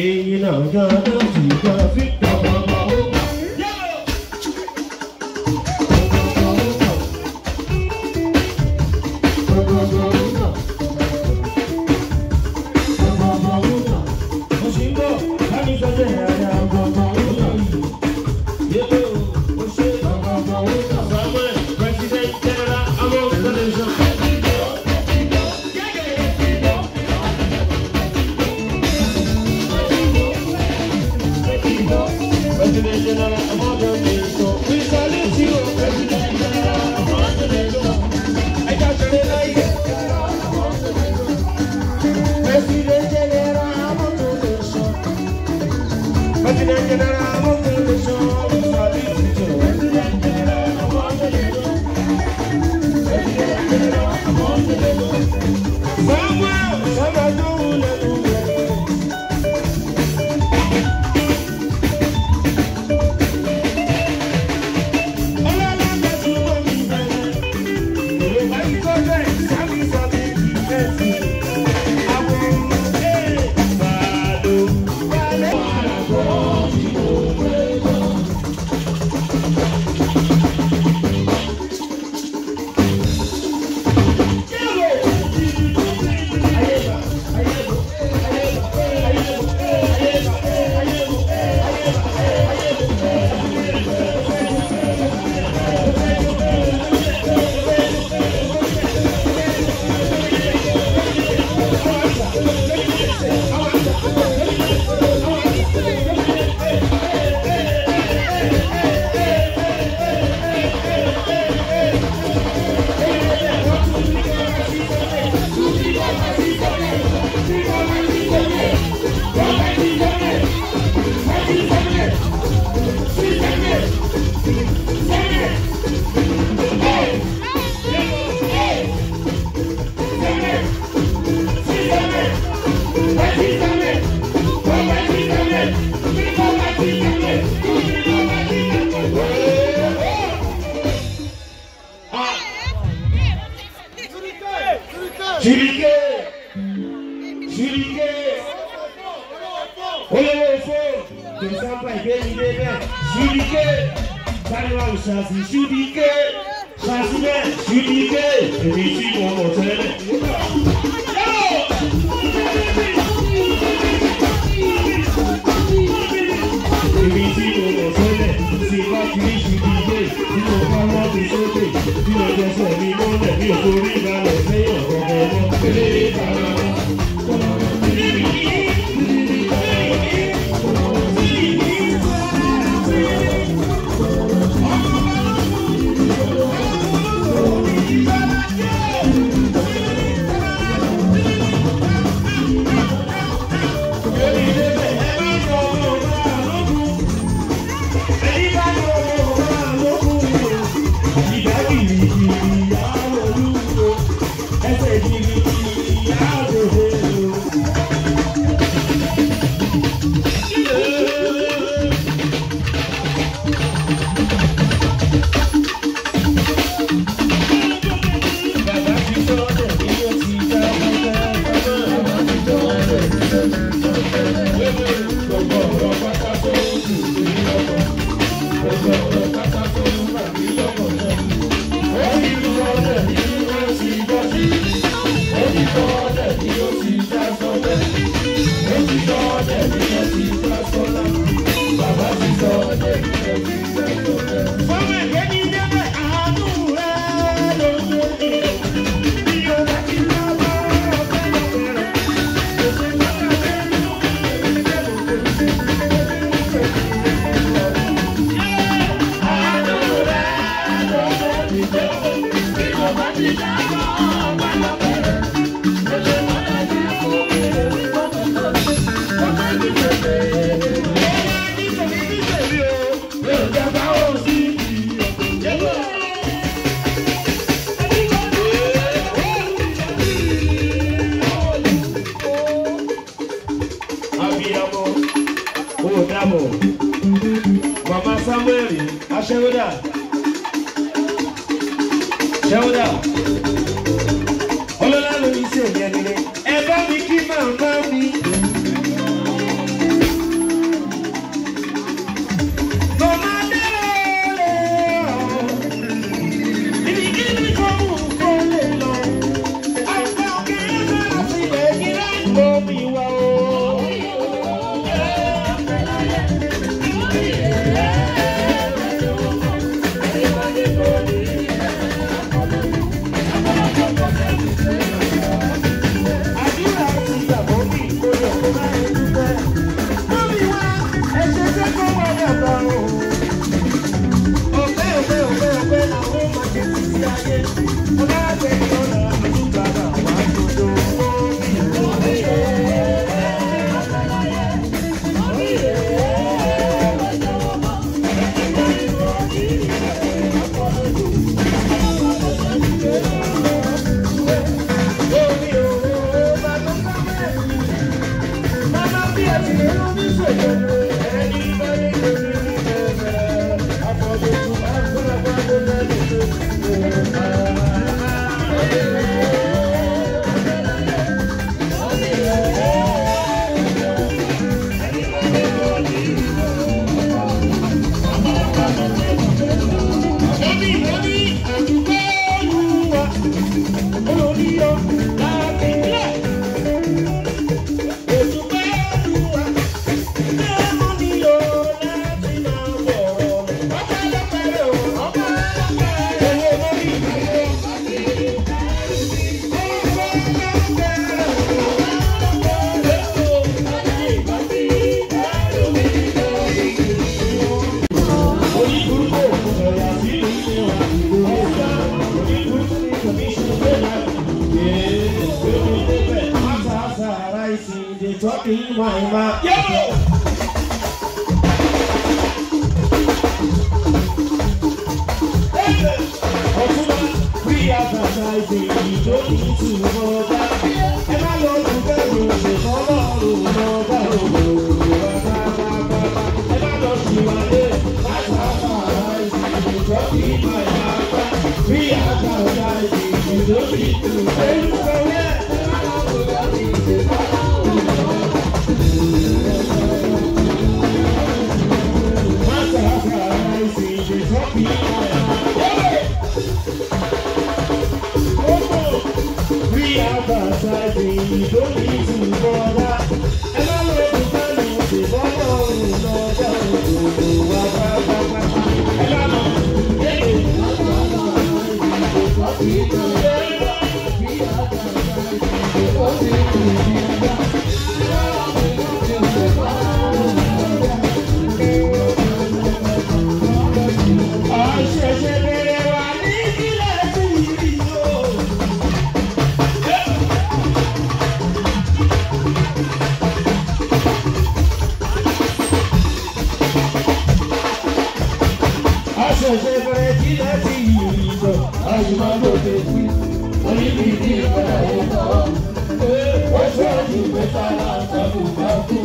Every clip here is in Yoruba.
you know, gonna be the victim. amor de bẹ́ẹ̀ ṣùdíkẹ́ gbàdúrà òṣàṣì ṣùdíkẹ́ ṣàṣìbẹ́ ṣùdíkẹ́ èmi tí mo mọ̀ tẹ́lẹ̀. èmi tí mo mọ̀ tẹ́lẹ̀ ti bá ti rí ṣùdíkẹ́ tí mo bá wá mi sókè tí mo jẹ́ sọ̀ mi mọ́lẹ̀ mi ò forí balẹ̀ Shout out! ló ní sèyí ẹni ẹ bá mi kí ปีใหม่มาเย้ปีใหม่มาปีอาจารย์ใจดีเดือดปีตื่นเต้นเลย ìwé sára sẹ́kù bá kú.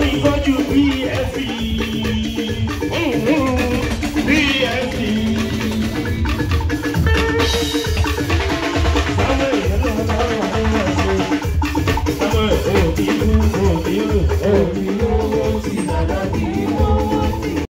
Olùkọ́jú